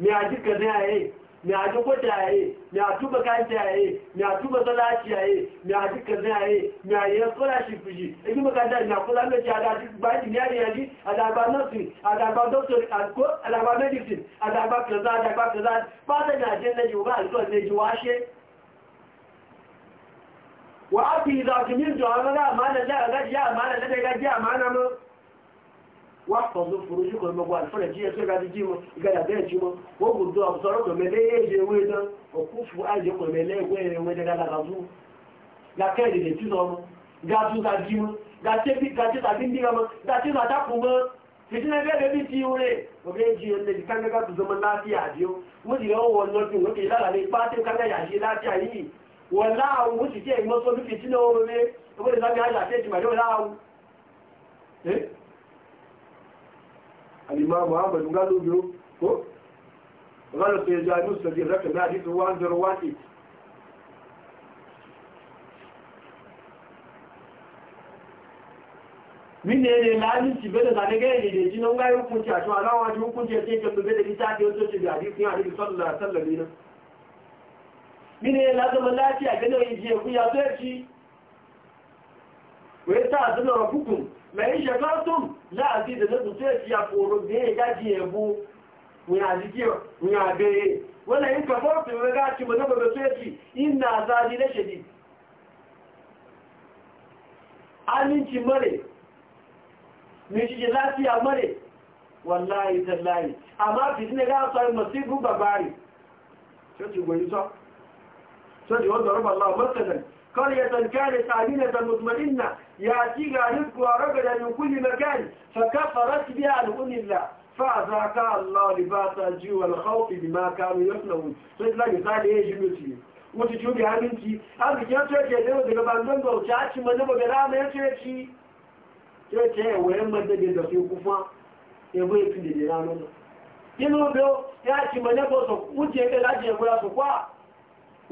me aji kaza yayi mai a duk wata mi mai a tuba kanci yaye mai a tuba salaci yaye mai a duk kaza yaye mai a yi scholarship ji ebi makanta na kula mai a da duk ba engineering yaji a da ba nursing a da ba doctor a da ba medicine a da ba kaza a da ba kaza ba ta na jin na ji ba alkawar ne ji washe wa afi za ki min jawa na amana da ga ji amana da ga ji amana mu واحفظوا فروجكم المقوال فرج هي سرعة الجيمة قال هذا الجيمة وقلتوا أبصاركم ملايين جويدا وكفوا أجيكم ملايين ويدا قال غزو لا كيد يتزوم غزو ذا جيمة غاتي غاتي تابين ديما غاتي ذا تقوم fitina gẹ́gẹ́ bí ti wúre ọ̀gẹ́ jí ẹ̀lẹ́ ti kángágá tó zọmọ láàáfíà àjíó wọ́n ti lọ́wọ́ wọn lọ́dún wọ́n ti lára ní ipá tí ó kángágá yàjí láàáfíà yìí wọ́n láàwọ̀ wọ́n ti jẹ́ ìmọ́sọ́ bí fitina oore ọgbẹ́ ìlànà àjà àti ẹ̀jìmọ̀ al'imam muhammadu galo biyu ko ranar sai jami'u sabir raka na hadisi min ne ne lalinci bai da zane gaya ne da jinan gaya hukunci a cewa alawa ji hukunci sai ke bai da littafi wato ce da hadisi ya hadisi sallallahu sallami na min ne lazama lafiya ganin ku kuya zai ci wai ta suna rafukun mai shakartun la'azi da zai sai ya koro da ya gaji ya bu wuya jiki wuya beye wannan in ka farfi wani gaci ba zaba da sai ci ina zari na shadi aminci mare mai shi lafiya mare wallahi tallahi amma fi ne ga sai masibu babari sai goyi so sai wanda rabba Allah يأتيها رزقها رغدا من كل مكان فكفرت بها الأم الله فأذاقها الله لباس الجوع والخوف بما كانوا يصنعون فإذا مثال إيه جميل wata cuɗi aminci arziki yanzu yake da yau daga bandon bauta a cimma na bagara mai yanzu ya ci ya ce ya wayan madadin da su kufa ya bai fi da jira nuna yin obiyo ya cimma na bauta wuce ya ɗaya lajiya guda su kwa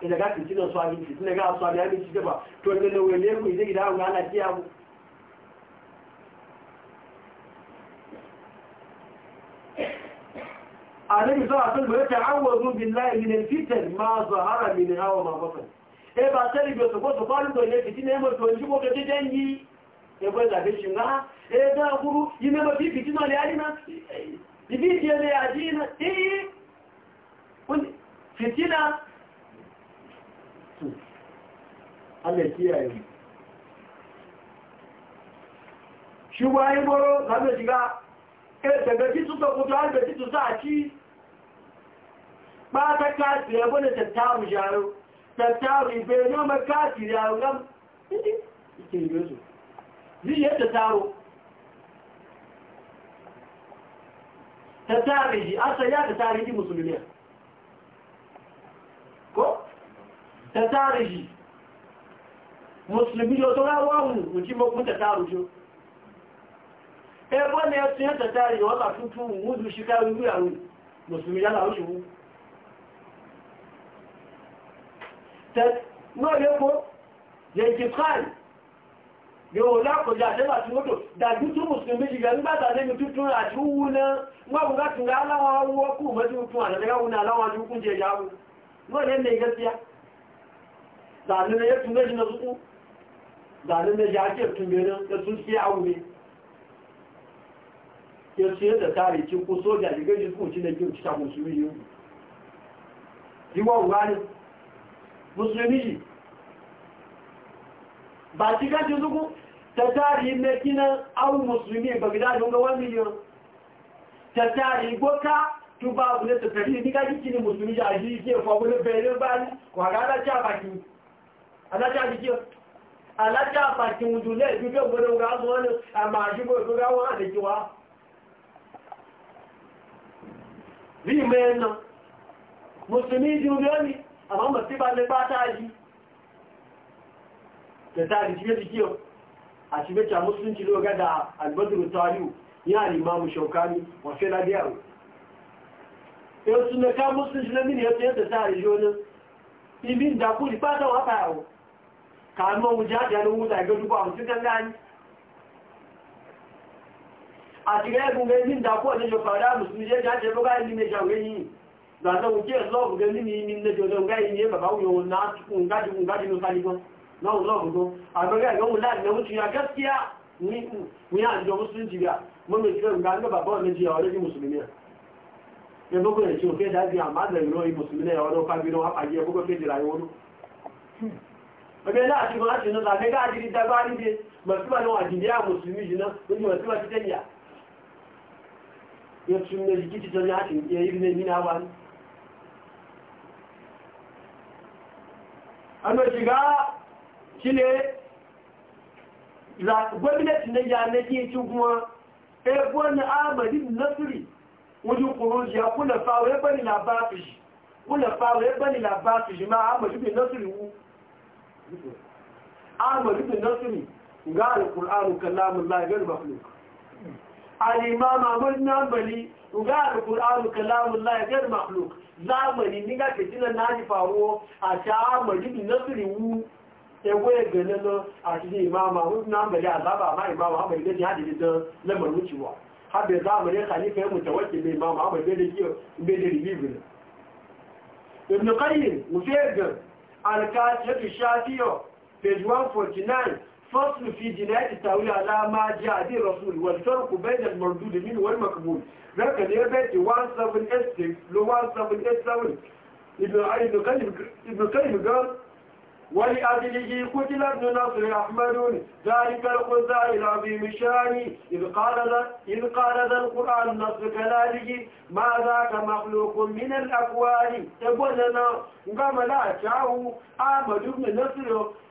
ina ga cikin su abin ci ina ga su abin abin ba to ne ne wele ku idan idan ga ana kiya mu annabi sallallahu alaihi wasallam ya billahi min al-fitan ma zahara min hawa ma batan e ba tare bi ko su kwalu to ne fitina mu to ji ko e, e da bishin ga e da guru yine ba bi fitina ne alina bi bi ne ajina e, e. Kun fitina Allah kiyaye mu shi bayan boro na zai shiga ƙe eh, daga ci suka kutu har ci sa a ci ba ta kasi ya gwada tattaru sharu tattaru ife na makasi ya rugan ike yi su yi ya tattaru tattaru shi asa ya tattaru ji musulmiya ko tàtàrìhì mùsùlùmí ló tó ráwọ́hùn ojí mọ́kún tàtàrùjó ẹgbọ́n ni ẹ̀sùn yẹn tàtàrì ọ̀pàá tuntun múdù ṣíkáwí wíyàwó mùsùlùmí yálà oṣùwú náà lẹ́kọ́ yóò lákòjá àtẹ́bà tí mọ́tò dàjú tó mùsùlùmí jìgà nígbàtà lẹ́nu tuntun àti wú náà wọ́n bùkátù aláwọ̀ awọ́kù mọ́tò tún àtẹ́gáwù náà aláwọ̀ àti jẹ ìyàwó náà lẹ́nu ìgẹ́síyá zanen ya tunga shi na zuku zanen da ya ce tungenin da sun siya awu ne ya siya da tare cin ko soja da gajin kuci da kyau cika musulmi yau yiwa wani musulmi ji ba ci gajin zuku ta tare ne kina awu musulmi ba gida don ga wani miliyan ta tare goka tó bá abúlé tẹ̀tẹ̀rí ní gájíkì ni ne musulmi a àjíríkì k'e abúlé bẹ̀rẹ̀ bá ní wàgádá tí a bàkì alájá àdìjọ́ alájá àpàtì ìwùdù lẹ́ẹ̀dú tó gbọdọ̀ ga sọ ọ́nà àmà àdúgbò tó ga wọ́n àdìjọ́ wa rí ìmọ̀ ẹ̀nà mùsùlùmí di orí ọ́nì àmọ́ mọ̀ sí bá lè bá táàjì tẹ̀tà àdìjọ́ àdìjọ́ àti mẹ́ta mùsùlùmí ló gádà àgbọ́dùrù tààríù ní àlìmáàmù ṣọ̀kání wọ́n fẹ́ lábẹ́ àrùn yóò tún mẹ́ká mùsùlùmí lẹ́mìnì ẹ̀tẹ́ ibi ìdàkúrì pátá wà pààrọ̀ kàánmọ́ ohun jáde ẹnu wúta ìgbẹ́dúgbà ọ̀tí tẹ́lẹ̀ ní àtìgẹ́ ẹgbùn gẹ́ ní ìdàkọ́ ìlẹ́jọ pàdá mùsùlùmí jẹ́ jáde lọ́gbà ìlú méjà wé yìí gbàtọ̀ òkè lọ́ọ̀bù gẹ́ nínú ìní méjọ lọ́gbà ìní bàbá òyòwò náà tukùn gájùkùn gájùkùn kálígbọ́n lọ́wọ́ lọ́ọ̀bù tó àgbẹ̀gẹ́ ìgbọ́n láti lẹ́wọ́ ti yà gẹ́síà ní àjọ mùsùlùmí jìyà mọ́mí ìfẹ́ ìgbà ń bàbá ọ̀lẹ́ jìyà ọ̀lẹ́ jì mùsùlùmí ẹ̀ gbogbo ẹ̀ tí ó fẹ́ dájú àmà àgbẹ̀ ìrọ̀ ìmùsùlùmí ẹ̀ ọjọ́ láti máa ṣe náà àfẹ́ káàkiri dábá níbi mọ̀síwà náà àjìdí àwọn mùsùlùmí jù náà lójú mọ̀síwà ti tẹ́lẹ̀ yóò tún méjì kí títọ́ ní àti ìyẹ́ ibi ní ìnà wa ní ọmọ ìṣìgá sílé gómìnàtì ní ya ní kí tí gún e wọn ẹgbọ́n ní ahmadi nasiri wọ́n kúrò jẹ́ kúnlẹ̀ fáwọ́ ẹgbẹ́ ni làbá fìṣì máa ahmadi nasiri wú ahmad ibn nasiri ga alƙur'anu kallamun lagar mafluk al'imama wani nambali ga alƙur'anu kallamun lagar mafluk zamani ni ga kejina na ji faruwa a ta ahmad ibn nasiri wu ẹgbẹ́ gẹ̀lẹ́ lọ àti ní ìmáàmà wọ́n náàbẹ̀lẹ́ àzábà máa ìmáàmà àmà ìgbẹ́ ti hádìí dán lẹ́mọ̀ ló ti wà hábẹ̀ záàmẹ̀lẹ́ kàlífẹ́ mùtẹ̀wọ́kì lè ìmáàmà àmà ìgbẹ́ الكاشف الشافية page 149 فصل في جناية التأويل على ما جاء به الرسول والفرق بين المردود منه والمقبول رقم يبيت 1786 لو 1787 ابن قيم قال ولأجله قتل ابن نصر أحمد ذلك الخزاء العظيم الشاني إذ قال ذا القرآن نصر كلاله ما ذاك مخلوق من الأقوال تبولنا إيه قام لا شاو آمد بن نصر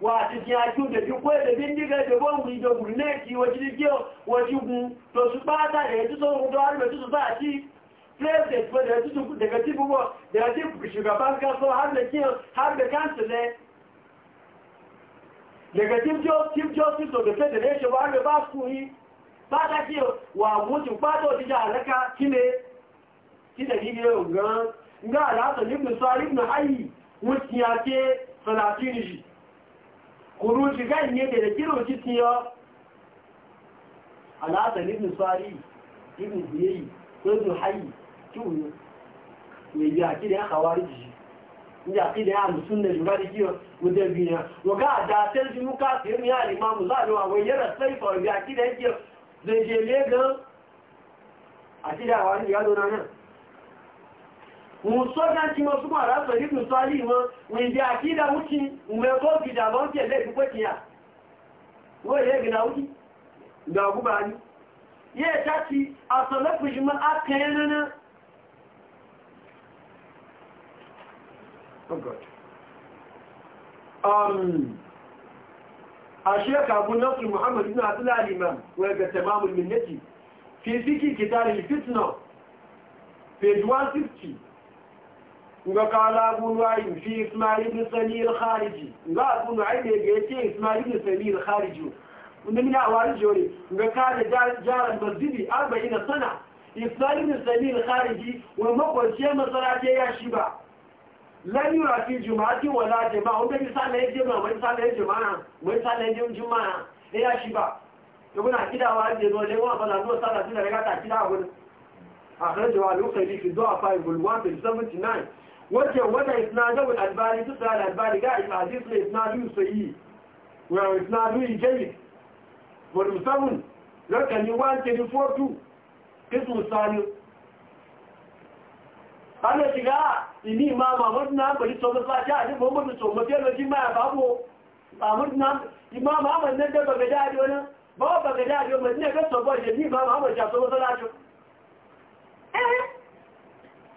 wà ti ti ajú dẹ̀bí pé ẹ̀lẹ̀bí ń dígẹ̀ ìjọba òun ìjọba lẹ́ẹ̀kì wọ́jí ní wọ́jígun tó súpá àtàrẹ̀ ètùtò ohun tó àrùn ètùtò bá àti fẹ́ẹ̀sẹ̀ pẹ̀lẹ̀ ètùtò dẹ̀gẹ̀tí púpọ̀ dẹ̀gẹ̀tí ṣùgbàbá ń gásọ harbe káńsìlẹ̀ dẹ̀gẹ̀tí chief justice of the federation wà rẹ̀ bá fún yí pàtàkì wà mú ti pàtó òjíjà àrẹ́ká kí lè kí lè gígé ògán ń gá àlátọ̀ nígbùsọ́ àríkùn àyí wọ́n ti àti sọ̀làtí nìyí kuru shiga ne da da kiro cikin yau al'adar ibn sari ibn ziyayi ko ibn hayi kiwo ne ya yaki da ya kawari ji ya ki da ya musun da juma da muka sai mu ya limamu za a yi wa wai yara sai fa ya ki da ya mun sojan ci masu mara su ibn salima mun ji akida wuci mun ko ki da ban ke laifi ko kiya wo ye gina wuci ga guba ni ye tati asalafu jiman akayana oh god um الشيخ أبو Muhammad, محمد بن عبد الله الإمام ويقى تمام المنتي في ذكي كتاب الفتنة في 160 ga kala gunwayi fi ismail ibn samir khariji ga gunwayi ne ga yace ismail ibn samir khariji wanda mina awari jore ga kada jaran masjidi 40 sana ismail ibn samir khariji wa makwace masarake ya shi ba lan yura fi juma'ati wala jama'a wanda misala e e e ya jama'a wani sala ya jama'a wani sala ya jama'a ya shi ba to kuna kidawa ne zo ne wa fa da zo sala tun da ga ta kidawa gudu akhrajahu al-bukhari fi du'a 5 179 wacce wata isnadawul albani su tsara albani ga isnadis na isnadu sayi wa isnadu ijami volume 7 rakani 1342 kisu sani ana shiga ini imama wadda na bari tsoron sashi a jibin wadda tsoron teologi ma ya babo a wadda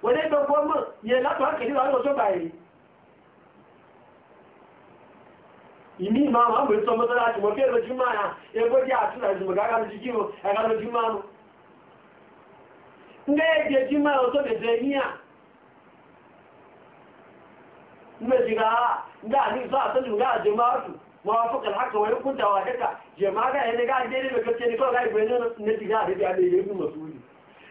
wọ́n lé gbogbo mọ̀ yẹ látọ̀ àkẹ́lẹ́ wà lọ́jọ́ báyìí ìní ìmọ̀ àwọn àgbẹ̀ tó mọ́tọ́ láti mọ̀ a lójú máa yà egbó jẹ́ àtúnà ìjùmọ̀ gágá lójú kí wọn ẹ̀ka lójú máa mú ní èdè jí máa bẹ̀rẹ̀ ní àníṣọ́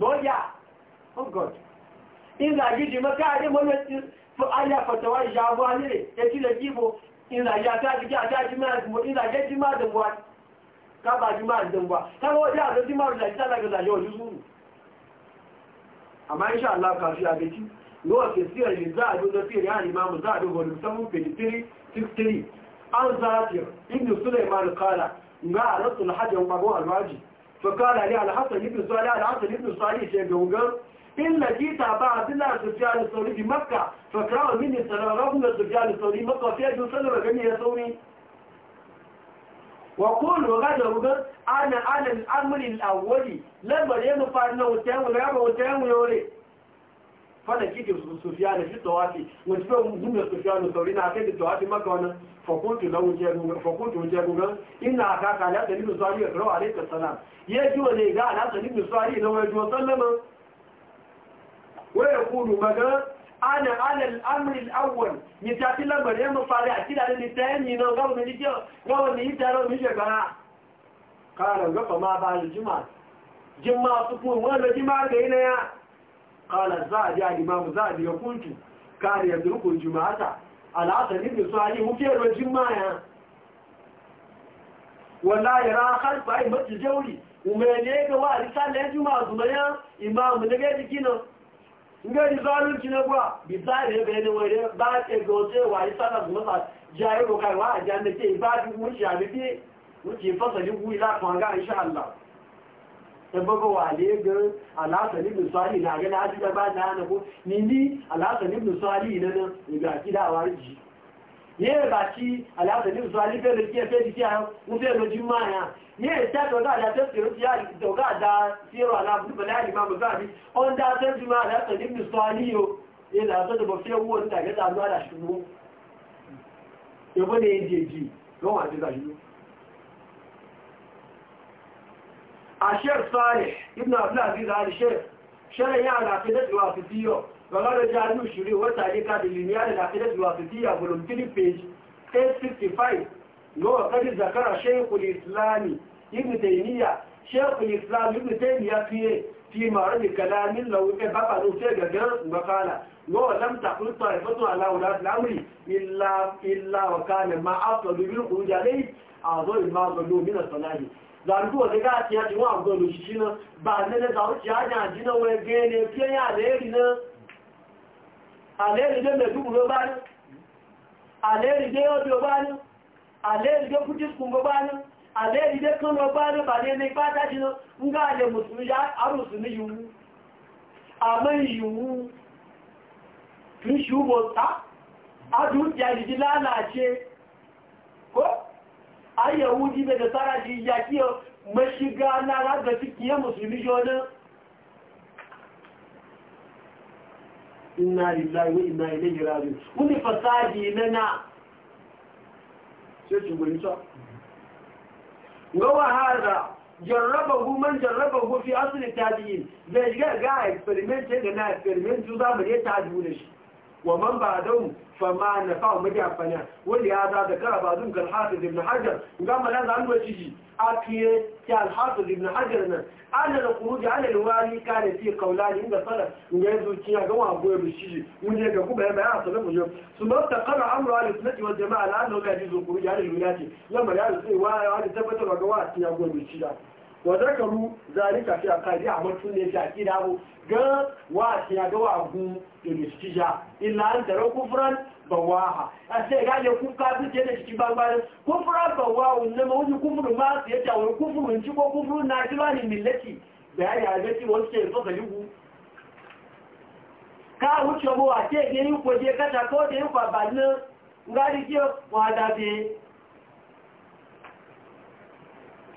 lọ́yà oh god ìrìnàjíjì mọ́ká adémọ́lẹ́ ti ayà fọ̀tọ̀wà ìyàwó alẹ́rẹ̀ ẹtílẹ̀ jíbo ìrìnàjíjì yóò fi sí ẹ̀yìn záàdó lọ sí ìrìn àrìmá mú záàdó volume 7 page 363 an zaafir ibn suleiman kala ga a rasul hajjan babu alwaji فقال لي على حسن ابن صالح على حسن ابن صالح شيخ وقال إلا جيت أبا عبد الله سفيان الثوري في مكة فكرام من مني سراربنا سفيان الثوري مكة فيها جو سلم جميع الثوري وقول وقال وقال أنا أنا الأمر الأولي لما ينفع أنه تهم ويعمل وتهم ويولي fana kiti sufiyana fi tawafi wani fi gumna sufiyana sauri na kai da tawafi maka wani fakuntu na wuce guga ina aka ka alhassan ibn suwari ya karawa alaikar salam ya ji wani ga alhassan ibn suwari na wani juwa sallama waya kudu maga ana ala al'amri al'awwal ni ta fi lambar ya mafari a kira da ni ta yanni na gawa mai jikin gawa mai yi tare قال الزعبي الإمام الزعبي يقول كان يدرك الجماعة العصر ابن صالح وكير والجماعة ولا يرى خلف أي مت الجولي وماليك وارسال الجماعة زميا إمام نجد كنا نجد زالون كنا بوا بزاري بين ويري بعد إجوزي وارسال الجماعة جاي وكاي واجي أنك إبادي وشي عبدي وشي فصل يقول لك وانقع إن شاء الله da baga wale garin alhassan ibn sali na gani haji da ba na hana ko ni ni alhassan ibn sali na nan ga gida a warji ye ba ki alhassan ibn sali fe le ki di ki a mu fe lo ji ma ya ye ta to ga da tafsir ti ya to ga da siro ala bu bala ali ma muzabi on da tafsir ma alhassan الشيخ صالح ابن عبد العزيز آل الشيخ شرعي على العقيدة الواسطية وقال جعله الشريع والتعليقات اللينية للعقيدة الواسطية فولوم 3 بيج 865 وقد ذكر شيخ الإسلام ابن تيمية شيخ الإسلام ابن تيمية فيه في معرض كلام لو كان بابا نوتي غير مقالة لم تقل طائفة على ولاة الأمر إلا إلا وكان ما أفضل بالخروج عليه أعضاء ما ظلوا من الصلاة zanduwa da gati ya jiwa abu da shi na ba ne da zawo ci ya jan jina wai gane fiye ya aleri na aleri da mai dubu ba ne aleri da yau ba ne aleri da kudis kun ba ne aleri da kano ba ne ba ne mai fata shi na nga ale musulmi an yahudi da nasara shi ya kiyo mashiga na raga cikin ya musulmi shi wani inna lillahi wa inna ilaihi raji'un wani fasadi na na sai ci gwani sa gawa haza jarrabahu man jarrabahu fi asli tabi'in zai ga ga experiment ga na experiment su zamani ya tabi'u da shi Wa Mambadan fa ma na fa maji amfaniya wanda ya zata kar a ba zan ga Ibn Hajar? In ga Maryam da hannu a ciki ake yi a Alhaji Ibn Hajar nan? Adana kuruge halayen waje kare sai kawu ladi inda Salas ngayi zuciya ga wa a goyi rushi? Mun je ka kuma ya a sanar mu Su ma taƙalla Amadu Ali suna tseuwar jama'a da alhamiya ya bi zuciya kuruge halayen duniya ce. Yan Maryam sai wani zama ta wa a cikin agogon rushi da. wa zakaru zalika fi aqidi amal sunne fi aqida bu ga wa tiya ga wa gu da mistija illa an tara kufran bawaha ashe ga le ku ka bi je da shi ba ba kufra bawaha ne ma wani kufru ma sai ta wani kufru in ci ko kufru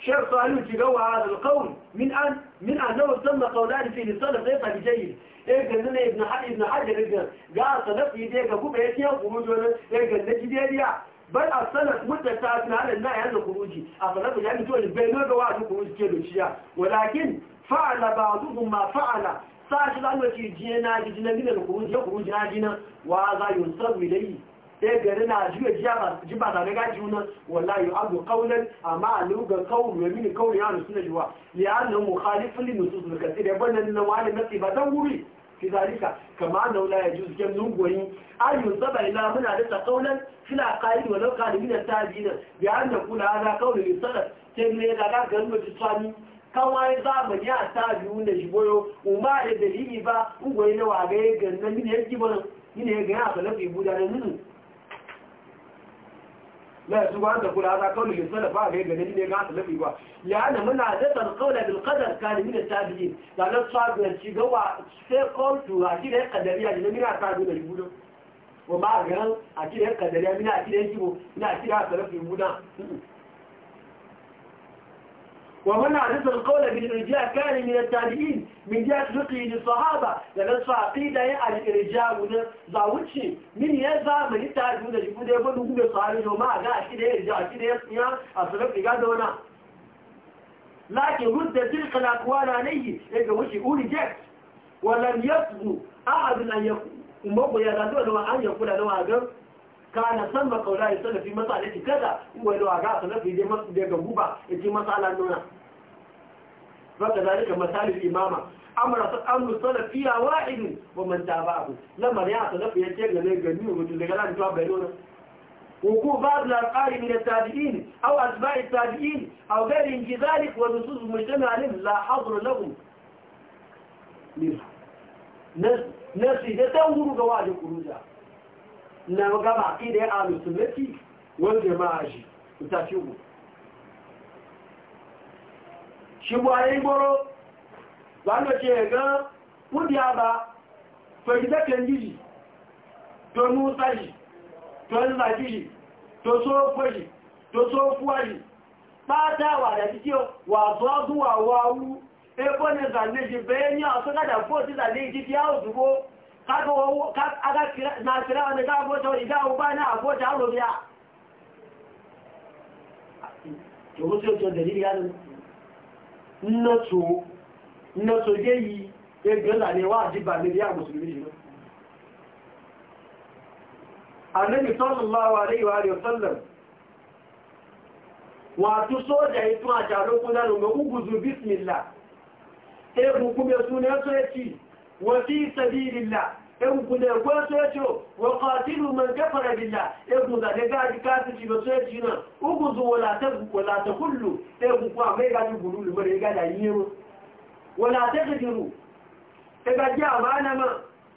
شرط أن يتجوى هذا القول من أن من أن لو سمى قولان في لسان غير بجيد إيه قلنا ابن حجر ابن حجر قال صدق يديك أبو بيت يا خروج ولا إيه قلنا جديد بل السلف متساعد على النهي عن الخروج السلف يعني تقول بينه وبعد خروج كيلو شيا ولكن فعل بعضهم ما فعل ساشل أنه جينا جينا من الخروج يخرج هاجنا وهذا ينصب إليه sai gari na juya ji ba tare gaji juna wallahi abu kaunar amma luga qawl ya mini qawl ya na jiwa ya khalifin mukhalifun li nusus kathir da banan na wani nasi ba don wuri fi zalika kama ya ji yajuz kam nugoyi ayu zaba ila muna da kaunar suna kayi wa law qala min da tabiin bi anna qula hada qawl ya sanar sai ne ga ga garin mutsani kawai zamani a biyu na jiboyo umar da dalili ba ungoyi na wagaye gannan ya yake ba ne ga ya salafi buda da nunu la yasu ba da kula za kauli min salafa ga ga ne ga salafi ba ya na muna da tarqawla bil qadar kan min tabi'in da na sabu ci ga wa sai qawl to ha ki da qadariya ne mina ta da rubutu wa ma ga a ki da qadariya mina ki da kibo salafi ومن عرف القول بالإرجاء كان من التابعين من جهة فقه للصحابة لأن الصحابيدة يعني الإرجاء من زاوتشي من يزا من التابعين يقول يقول نقول الصحابي وما قال كده إرجاء كده يصنع أصدق لقاد هنا لكن رد تلك الأقوال عليه إذا وشي يقول جاك ولم يصدو أحد أن يقول أمه أنه أن يقول أنه أقل kana samba kaula ya salafi masalati kaza wa lo aga salafi dai masu daga guba yace masala nuna faka zalika masalil imama amara amru salafiya wahid wa man tabahu lamar ya salafi yace ga ne gani rudu daga ran to bayona وقوع بعض الأفعال من التابعين أو أتباع التابعين أو غيرهم في ذلك ونصوص المجتمع عليهم لا حظر لهم منها نفسي تتوهر قواعد خروجها na gaba idan a lusunnati wani jama'a shi ta ce ku shi buwayen goro wanda ce ga kudiya ba fagidakan jiji to nusa ji to zaji ji to sofa shi to sofuwa shi kaga wawo kaga na kira wanda za a bota wani za a ba na a bota haro biya to wasu yau to dalili yanin nato nato yayi ya gaza ne wa jiba ne ya musulmi shi وفي سبيل الله ẹgbùn ẹgbẹ́ ṣẹ́ṣọ́ wọ́kàtílù mọ̀ kẹfàrẹ̀ bìlá ẹgbùn ìdàdẹ́gáàdì káàkiri lọ ṣẹ́ṣì náà ọgbùnzù wọ́látẹ́kùnlù ẹgbùnkún àmẹ́gájú gùnlù lùmọ̀rẹ̀ ẹgbàdà yíyẹrù wọ́látẹ́kùnlù ẹgbàjẹ́ àmánàmà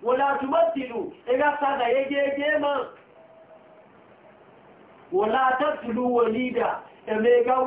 wọ́látùmọ́tìlù ẹgbàsádà yẹgẹ́gẹ́ mọ́ wọ́látẹ́kùnlù wọ̀lídà ẹ̀mẹ́gáwó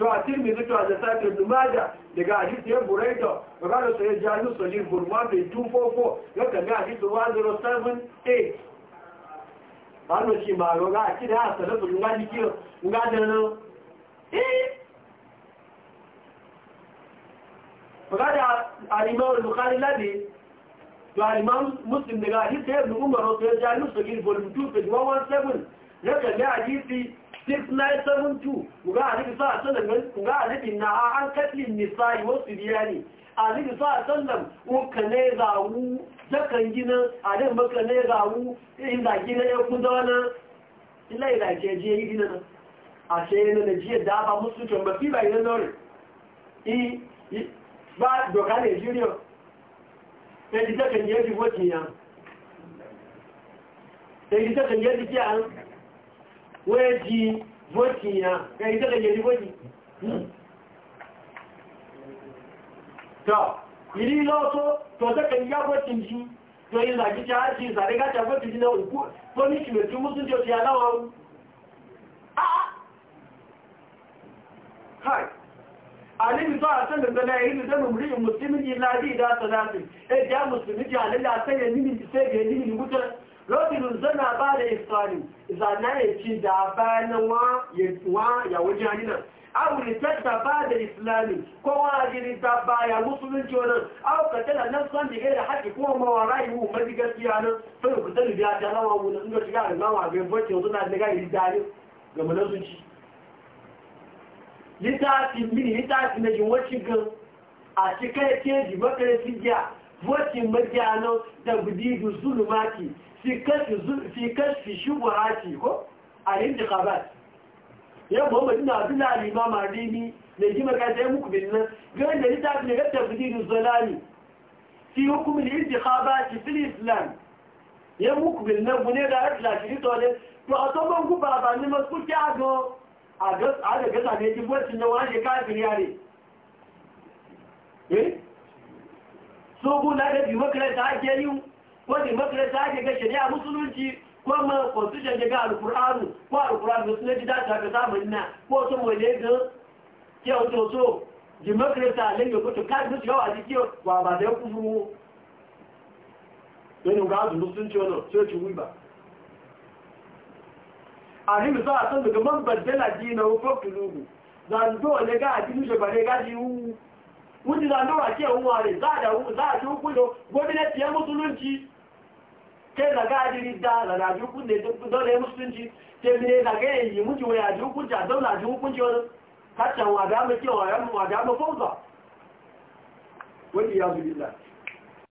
to a tirmidhi to a nasa'i ibn majah daga hadisi ya buraida magana sai jami'u sahih burma bai 244 ya kami hadisi 1078 bano shi ma roga a kida a salafu nga ji kiyo nga da nan eh magana al-imam al-bukhari ladi to al-imam muslim daga hadisi ibn umar sai jami'u sahih burma 2 page 117 ya kami hadisi 6972 kuga alibi sa sallam kuga alibi na an wasu ya na yi a ce yana ba musu ba ba yi ba doka yi yi wọ́n di vóòtì yàn ẹ̀yí tẹ́lẹ̀ yẹ ní vóòtì tọ́ ìrí lọ́tọ́ tọ́tẹ́kẹ̀ yá vóòtì jí tó yí làjí tí a ti ìsàrẹ́gájà vóòtì jí náà òkú tó ní ṣùgbẹ̀ tí mú tí ó ti aláwọ̀ alibi ba a san daga na yi da mumri musulmi ji ladi da salatin eh ya musulmi ji alilla sai ya nimi sai ya nimi mutar rọ́bìnrin zọ́nà àbáàdà ìfààní ìzànà èkì dàbà na wọ́n yàwó jẹ́ àyínà awùrìtẹ́ta báàdà ìsìláàmì kó wọ́n àjírí dàbà yàwó súnmí jọna awùkàtẹ́lá náà sọ́ndì gẹ́rẹ̀ hajji kó wọ́n mọ́ wàrá ìwò mẹ́dígẹ́síyà náà fẹ́ òkùtẹ́lù bí ajá láwọn wùnà ń gọ́ ṣígá àrùmáwà bẹ́ẹ̀ bọ́ọ̀tì ọdún náà nígbà ìrìdáyé gàmọ́nà sunci lítàtí mini lítàtí méjì wọ́n ti gan àti kẹ́ẹ̀kẹ́ ìdìbọ́kẹ́rẹ́ sí jẹ́ vọ́tí mẹ́jẹ́ àná dàgbìdì ìdùsùlùmáàkì fi kashfi shubuhati ko al-intiqabat ya Muhammad ibn Abdullah al-Imam Adini ne ji magana muku bin nan garin da littafi ne ga tafsirin zalami fi hukum al-intiqabat fi al-islam ya muku bin nan bune da Allah shi to ne to a to ban ku baba ni masu ki ado a ga a ga ga ne ji bocin nan wani kafiri yare eh so bu la da bi makaranta ake yi ko ne makaranta ke ga shari'a musulunci ko ma constitution ga alkur'anu ko alkur'anu da sunan da ta ga zamani na ko to mu ne ga ke to to di makaranta ne ga ko to ka musu yawa ji ke wa ba da kufuru ne ga musulunci wannan sai ci wiba àríwì sọ́wà tó lùgbọ́n mọ́ bẹ̀dẹ́là jí iná ọkọ̀ kìlúgbù zàndó ọ̀lẹ́gá àti ní ṣẹ̀bàrẹ́ gájí wú wú ti zàndó wà kí ẹ̀hún wà rẹ̀ záàdà wú záàdà wú pínlọ gómìnà ke zaga adiri da na ji hukunci dole musulunci ke mine zaga yi muji wa nji hukunci a zauna ji hukunci wani kaccan wa da mu kewa yamma wa da ya zubi